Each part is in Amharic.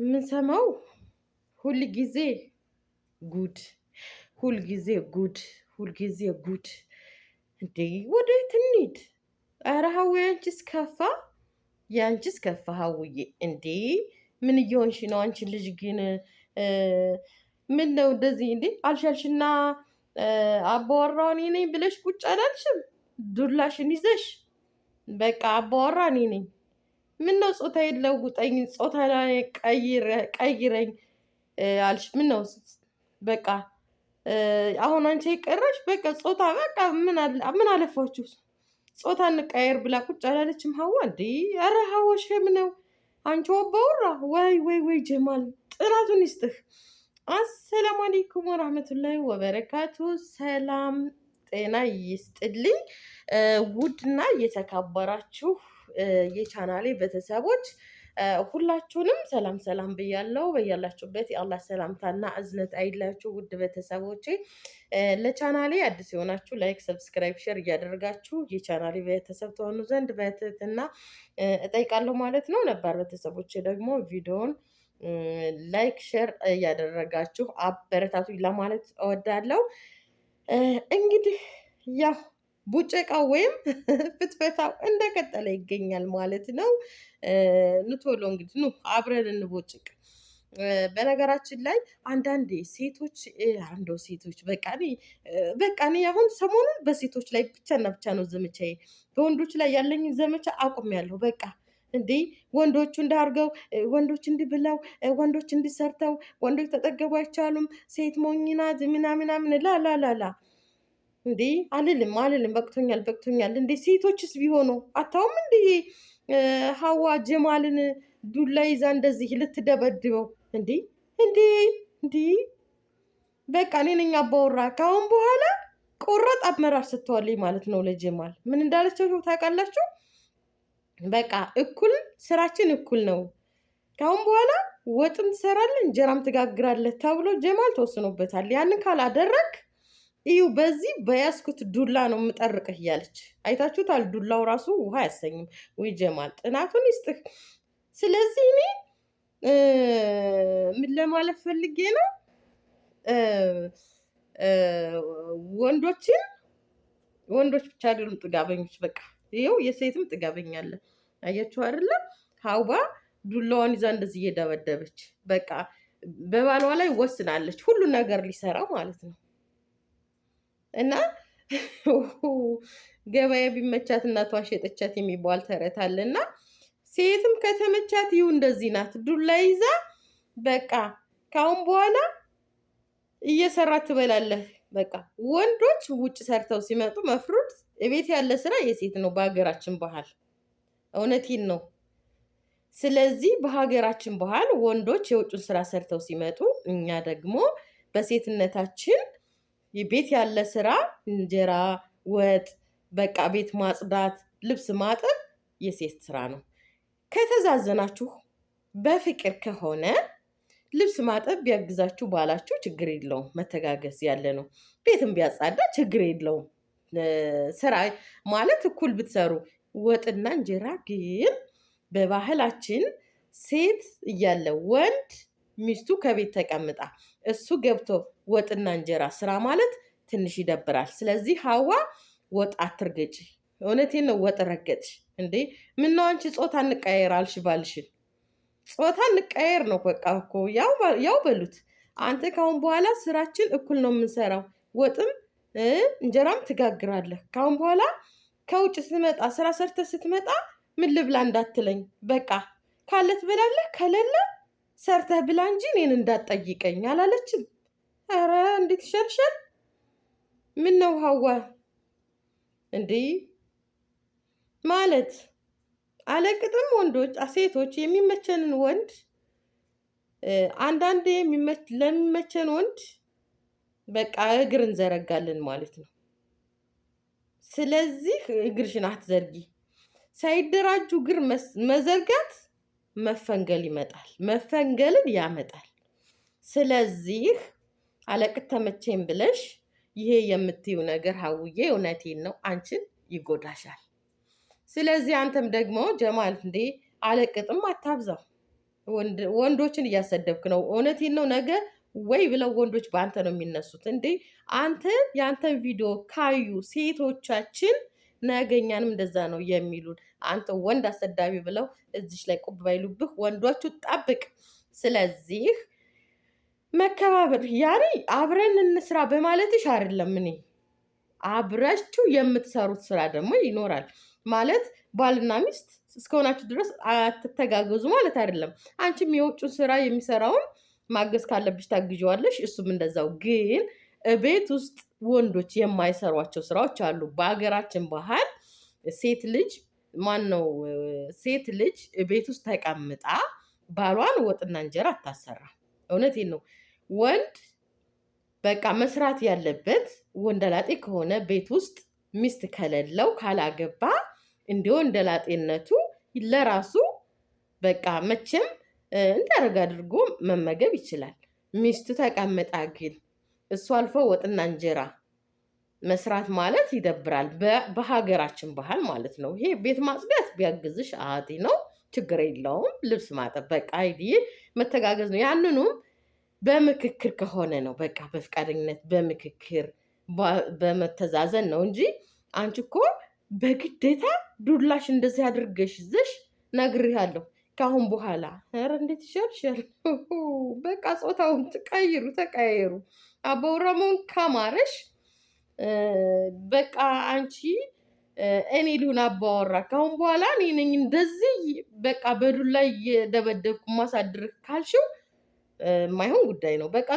የምንሰማው ሁል ጊዜ ጉድ፣ ሁል ጊዜ ጉድ፣ ሁል ጊዜ ጉድ። እንዴ ወደ ትንሂድ? ኧረ ሀዊ አንቺስ ከፋ፣ የአንቺስ ከፋ ሀውዬ። እንዴ ምን እየሆንሽ ነው አንቺ ልጅ ግን ምን ነው እንደዚህ እንዴ አልሻልሽና አባወራው እኔ ነኝ ብለሽ ቁጭ አላልሽም? ዱላሽን ይዘሽ በቃ አባወራ እኔ ነኝ ምን ምነው ጾታዬን ለውጠኝ ጾታ ቀይረኝ አልሽ? ምን ነው በቃ አሁን አንቺ የቀረሽ በቃ ጾታ በቃ ምን አለፋችሁ ጾታ እንቀየር ብላ ቁጭ አላለችም ሀዋ እንዴ? ኧረ ሀዋ ሸም ነው አንቺ ወባውራ። ወይ ወይ ወይ ጀማል ጥናቱን ይስጥህ። አሰላሙ አሌይኩም ወራህመቱላሂ ወበረካቱ። ሰላም ጤና ይስጥልኝ ውድና እየተካበራችሁ የቻናሌ ቤተሰቦች ሁላችሁንም ሰላም ሰላም ብያለው። በያላችሁበት የአላህ ሰላምታና እዝነት አይላችሁ ውድ ቤተሰቦቼ። ለቻናሌ አዲስ የሆናችሁ ላይክ፣ ሰብስክራይብ፣ ሼር እያደረጋችሁ የቻናሌ ቤተሰብ ተሆኑ ዘንድ በትህትና እጠይቃለሁ ማለት ነው። ነባር ቤተሰቦቼ ደግሞ ቪዲዮን ላይክ፣ ሼር እያደረጋችሁ አበረታቱ ለማለት እወዳለው። እንግዲህ ያው ቡጨቃው ወይም ፍትፈታው እንደቀጠለ ይገኛል ማለት ነው። ንቶሎ እንግዲህ ኑ አብረን እንቦጭቅ። በነገራችን ላይ አንዳንዴ ሴቶች አንዶ ሴቶች በቃ በቃ እኔ አሁን ሰሞኑን በሴቶች ላይ ብቻና ብቻ ነው ዘመቻዬ። በወንዶች ላይ ያለኝ ዘመቻ አቁሜያለሁ በቃ እንዴ ወንዶቹ እንዳርገው ወንዶች እንዲብለው ወንዶች እንዲሰርተው ወንዶች ተጠገቡ አይቻሉም ሴት ሞኝ ናት ምናምናምን ላላላላ እንዴ አልልም አልልም። በቅቶኛል በቅቶኛል። እንዴ ሴቶችስ ቢሆኑ አታውም? እንዴ ሀዋ ጀማልን ዱላ ይዛ እንደዚህ ልትደበድበው እንዴ እንዴ እንዴ! በቃ እኔ ነኝ አባወራ ከአሁን በኋላ ቆረጥ አመራር ስተዋልኝ ማለት ነው። ለጀማል ምን እንዳለቸው ታውቃላችሁ? በቃ እኩል ስራችን እኩል ነው። ካሁን በኋላ ወጥም ትሰራለህ እንጀራም ትጋግራለህ ተብሎ ጀማል ተወስኖበታል። ያንን ካላደረግ ይኸው በዚህ በያዝኩት ዱላ ነው የምጠርቅህ እያለች አይታችሁታል። ዱላው ራሱ ውሃ አያሰኝም። ወይ ጀማል ጥናቱን ይስጥህ። ስለዚህ እኔ ምን ለማለት ፈልጌ ነው ወንዶችን ወንዶች ብቻ አይደሉም ጥጋበኞች፣ በቃ ይኸው የሴትም ጥጋበኛ አለ። አያችሁ አይደለ? ሀውባ ዱላዋን ይዛ እንደዚህ እየደበደበች በቃ በባሏ ላይ ወስናለች፣ ሁሉ ነገር ሊሰራ ማለት ነው። እና ገበያ ቢመቻት እናቷን ሸጠቻት የሚባል ተረት አለ እና ሴትም ከተመቻት ይሁ እንደዚህ ናት። ዱላ ይዛ በቃ ካሁን በኋላ እየሰራ ትበላለህ። በቃ ወንዶች ውጭ ሰርተው ሲመጡ መፍሩድ እቤት ያለ ስራ የሴት ነው በሀገራችን ባህል። እውነቴን ነው። ስለዚህ በሀገራችን ባህል ወንዶች የውጭን ስራ ሰርተው ሲመጡ እኛ ደግሞ በሴትነታችን ቤት ያለ ስራ እንጀራ፣ ወጥ፣ በቃ ቤት ማጽዳት፣ ልብስ ማጠብ የሴት ስራ ነው። ከተዛዘናችሁ በፍቅር ከሆነ ልብስ ማጠብ ቢያግዛችሁ ባላችሁ ችግር የለውም። መተጋገዝ ያለ ነው። ቤትም ቢያጻዳ ችግር የለውም። ስራ ማለት እኩል ብትሰሩ። ወጥና እንጀራ ግን በባህላችን ሴት እያለ ወንድ ሚስቱ ከቤት ተቀምጣ እሱ ገብቶ ወጥና እንጀራ ስራ ማለት ትንሽ ይደብራል። ስለዚህ ሀዋ ወጥ አትርገጭ። እውነቴን ነው። ወጥ ረገጭ እንዴ? ምነው አንቺ ጾታ እንቀየር አልሽ ባልሽን? ጾታ እንቀየር ነው በቃ እኮ ያው በሉት። አንተ ካሁን በኋላ ስራችን እኩል ነው የምንሰራው። ወጥም እንጀራም ትጋግራለህ። ካሁን በኋላ ከውጭ ስትመጣ ስራ ሰርተ ስትመጣ ምን ልብላ እንዳትለኝ። በቃ ካለ ትበላለህ፣ ከሌለ ሰርተህ ብላ እንጂ እኔን እንዳትጠይቀኝ አላለችም። ኧረ እንዴት ሸርሸር ምን ነው ሀዋ እንዲህ ማለት አለቅጥም። ወንዶች ሴቶች የሚመቸንን ወንድ አንዳንዴ ለሚመቸን ወንድ በቃ እግር እንዘረጋለን ማለት ነው። ስለዚህ እግርሽን አትዘርጊ። ሳይደራጁ እግር መዘርጋት መፈንገል ይመጣል፣ መፈንገልን ያመጣል። ስለዚህ አለቅት ተመቼን ብለሽ ይሄ የምትይው ነገር ሀውዬ እውነቴን ነው አንቺን ይጎዳሻል። ስለዚህ አንተም ደግሞ ጀማል እንዴ አለቅጥም አታብዛው። ወንዶችን እያሰደብክ ነው። እውነቴን ነው ነገር ወይ ብለው ወንዶች በአንተ ነው የሚነሱት። እንዴ አንተ የአንተን ቪዲዮ ካዩ ሴቶቻችን ነገኛንም እንደዛ ነው የሚሉን። አንተ ወንድ አሰዳቢ ብለው እዚች ላይ ቁብ ባይሉብህ ወንዶቹ ጠብቅ። ስለዚህ መከባበር ያኔ አብረን እንስራ በማለትሽ አይደለም። እኔ አብረችው የምትሰሩት ስራ ደግሞ ይኖራል ማለት ባልና ሚስት እስከሆናችሁ ድረስ አትተጋገዙ ማለት አይደለም። አንቺም የውጩን ስራ የሚሰራውን ማገዝ ካለብሽ ታግዣዋለሽ፣ እሱም እንደዛው ግን ቤት ውስጥ ወንዶች የማይሰሯቸው ስራዎች አሉ። በሀገራችን ባህል ሴት ልጅ ማን ነው ሴት ልጅ ቤት ውስጥ ተቀምጣ ባሏን ወጥና እንጀራ አታሰራ። እውነቴን ነው። ወንድ በቃ መስራት ያለበት ወንደላጤ ከሆነ ቤት ውስጥ ሚስት ከሌለው ካላገባ እንደ ወንደላጤነቱ ለራሱ በቃ መቼም እንዳደርግ አድርጎ መመገብ ይችላል። ሚስቱ ተቀምጣ ግን እሱ አልፎ ወጥና እንጀራ መስራት ማለት ይደብራል። በሀገራችን ባህል ማለት ነው። ይሄ ቤት ማጽዳት ቢያግዝሽ አጢ ነው፣ ችግር የለውም። ልብስ ማጠብ በቃ አይዲዬ መተጋገዝ ነው። ያንኑም በምክክር ከሆነ ነው በቃ በፍቃደኝነት በምክክር በመተዛዘን ነው እንጂ አንቺ እኮ በግዴታ ዱላሽ እንደዚህ አድርገሽ ይዘሽ ነግሬሃለሁ። ከአሁን በኋላ ኧረ እንዴት ይሸርሸር በቃ ፆታውን ቀይሩ፣ ተቀያየሩ። አቦረሞን ካማረሽ በቃ አንቺ እኔ ልሁን አባወራ ካሁን በኋላ እኔ ነኝ እንደዚህ በቃ በዱላ ላይ እየደበደብኩ ማሳድር ካልሽው ማይሆን ጉዳይ ነው። በቃ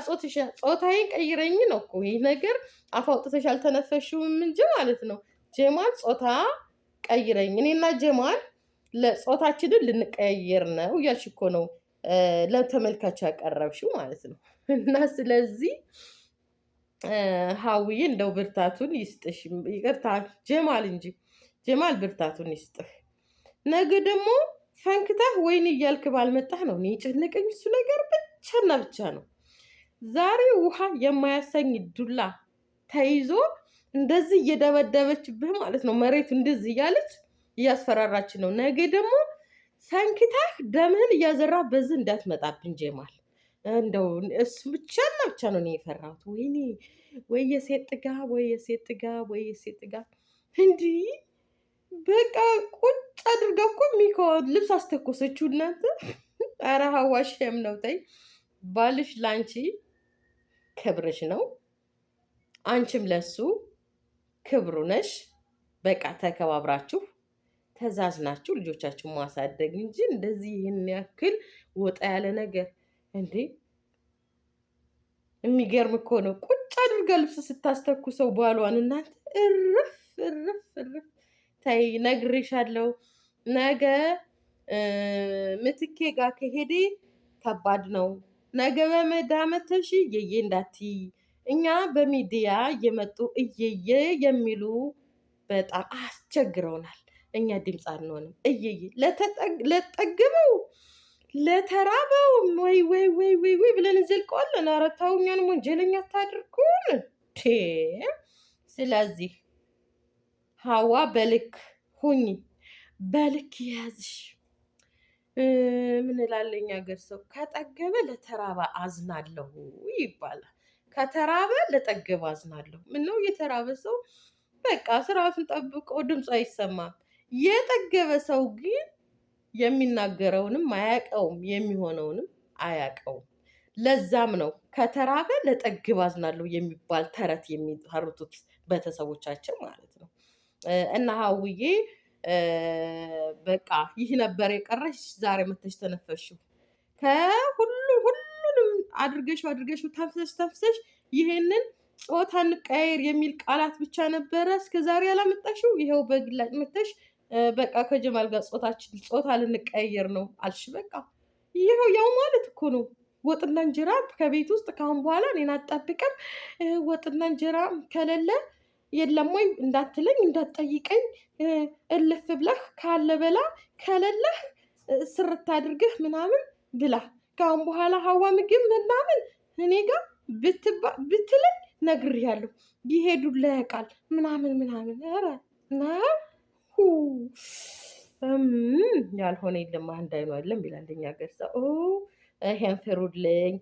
ጾታዬን ቀይረኝ ነው እኮ ይህ ነገር አፋውጥተሽ አልተነፈሽውም እንጂ ማለት ነው። ጀማል ጾታ ቀይረኝ፣ እኔና ጀማል ለጾታችንን ልንቀያየር ነው እያልሽ እኮ ነው ለተመልካች ያቀረብሽው ማለት ነው እና ስለዚህ ሀውዬ እንደው ብርታቱን ይስጥሽ። ይቅርታ ጀማል እንጂ ጀማል ብርታቱን ይስጥህ። ነገ ደግሞ ፈንክታህ ወይን እያልክ ባልመጣህ ነው እኔ የጨነቀኝ እሱ ነገር ብቻና ብቻ ነው። ዛሬ ውሃ የማያሰኝ ዱላ ተይዞ እንደዚህ እየደበደበችብህ ማለት ነው። መሬቱ እንደዚህ እያለች እያስፈራራች ነው። ነገ ደግሞ ፈንክታህ ደምህን እያዘራ በዚህ እንዳትመጣብን ጀማል እንደው እሱ ብቻ ብቻ ነው እኔ የፈራሁት። ወይኔ ወይ የሴት ጥጋ ወይ የሴት ጥጋ ወይ የሴት ጥጋ እንዲህ በቃ ቁጭ አድርጋ እኮ ሚኮ ልብስ አስተኮሰችው። እናንተ ኧረ ሀዋሽም ነው ተይ። ባልሽ ለአንቺ ክብርሽ ነው፣ አንቺም ለሱ ክብሩ ነሽ። በቃ ተከባብራችሁ ተዛዝናችሁ ልጆቻችሁ ማሳደግ እንጂ እንደዚህ ይህን ያክል ወጣ ያለ ነገር እንዴ የሚገርም እኮ ነው። ቁጭ አድርጋ ልብስ ስታስተኩ ሰው ባሏን እናት እርፍ እርፍ እርፍ። ተይ ነግሬሻለሁ። ነገ ምትኬ ጋር ከሄዴ ከባድ ነው። ነገ በመዳመተሽ እየዬ እንዳትዪ። እኛ በሚዲያ እየመጡ እየዬ የሚሉ በጣም አስቸግረውናል። እኛ ድምፅ አንሆንም። እየዬ ለጠግበው ለተራበው ወይ ወይ ወይ ወይ ወይ ብለን እንዘልቀዋለን። ኧረ ተው እኛንም ወንጀለኛ አታድርጉን። ስለዚህ ሀዋ በልክ ሁኝ፣ በልክ የያዝሽ ምንላለኝ ሀገር ሰው ከጠገበ ለተራበ አዝናለሁ ይባላል። ከተራበ ለጠገበ አዝናለሁ። ምነው የተራበ ሰው በቃ ስርዓቱን ጠብቆ ድምፁ አይሰማም። የጠገበ ሰው ግን የሚናገረውንም አያቀውም የሚሆነውንም አያቀውም። ለዛም ነው ከተራበ ለጥግ ባዝናለሁ የሚባል ተረት የሚተርቱት ቤተሰቦቻቸው ማለት ነው። እና ሀውዬ በቃ ይህ ነበር የቀረሽ ዛሬ መተሽ ተነፈሽው ከሁሉ ሁሉንም አድርገሽ አድርገሽ ተንፍሰሽ ተንፍሰሽ ይሄንን ጾታ እንቀያየር የሚል ቃላት ብቻ ነበረ እስከዛሬ ያላመጣሽው ይኸው በግላጭ መተሽ በቃ ከጀማል ጋር ጾታችን ጾታ ልንቀያየር ነው አልሽ። በቃ ይኸው ያው ማለት እኮ ነው። ወጥና እንጀራ ከቤት ውስጥ ካሁን በኋላ እኔን አጣብቀን ወጥና እንጀራ ከሌለ የለም ወይ እንዳትለኝ እንዳትጠይቀኝ፣ እልፍ ብለህ ካለ በላ ከሌለህ ስርት አድርግህ ምናምን ብላ ካሁን በኋላ ሀዋ ምግብ ምናምን እኔ ጋር ብትለኝ ነግሬያለሁ። ይሄ ዱላ ምናምን ምናምን ኧረ ያልሆነ የለም አንድ አይኑ አለም ይላል እኛ ገር ሰው ሄንፍሩልኝ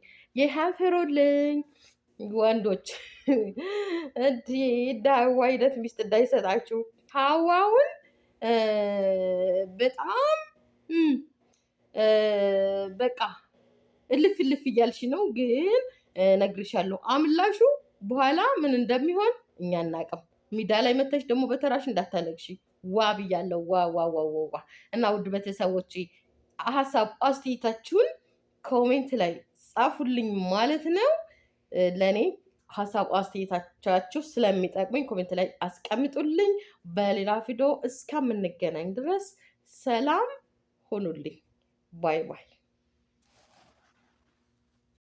ይሄንፍሩልኝ ወንዶች እንዲህ ዳዋ አይነት ሚስት እንዳይሰጣችሁ። ሀዋውን በጣም በቃ እልፍ እልፍ እያልሽ ነው፣ ግን እነግርሻለሁ አምላሹ በኋላ ምን እንደሚሆን እኛ አናውቅም። ሜዳ ላይ መተሽ ደግሞ በተራሽ እንዳታነግሺ። ዋ ብያለው። ዋ ዋ ዋ ዋ እና ውድ ቤተሰቦች ሀሳብ አስተያየታችሁን ኮሜንት ላይ ጻፉልኝ ማለት ነው። ለእኔ ሀሳብ አስተያየታችሁ ስለሚጠቅመኝ ኮሜንት ላይ አስቀምጡልኝ። በሌላ ቪዲዮ እስከምንገናኝ ድረስ ሰላም ሆኑልኝ። ባይ ባይ።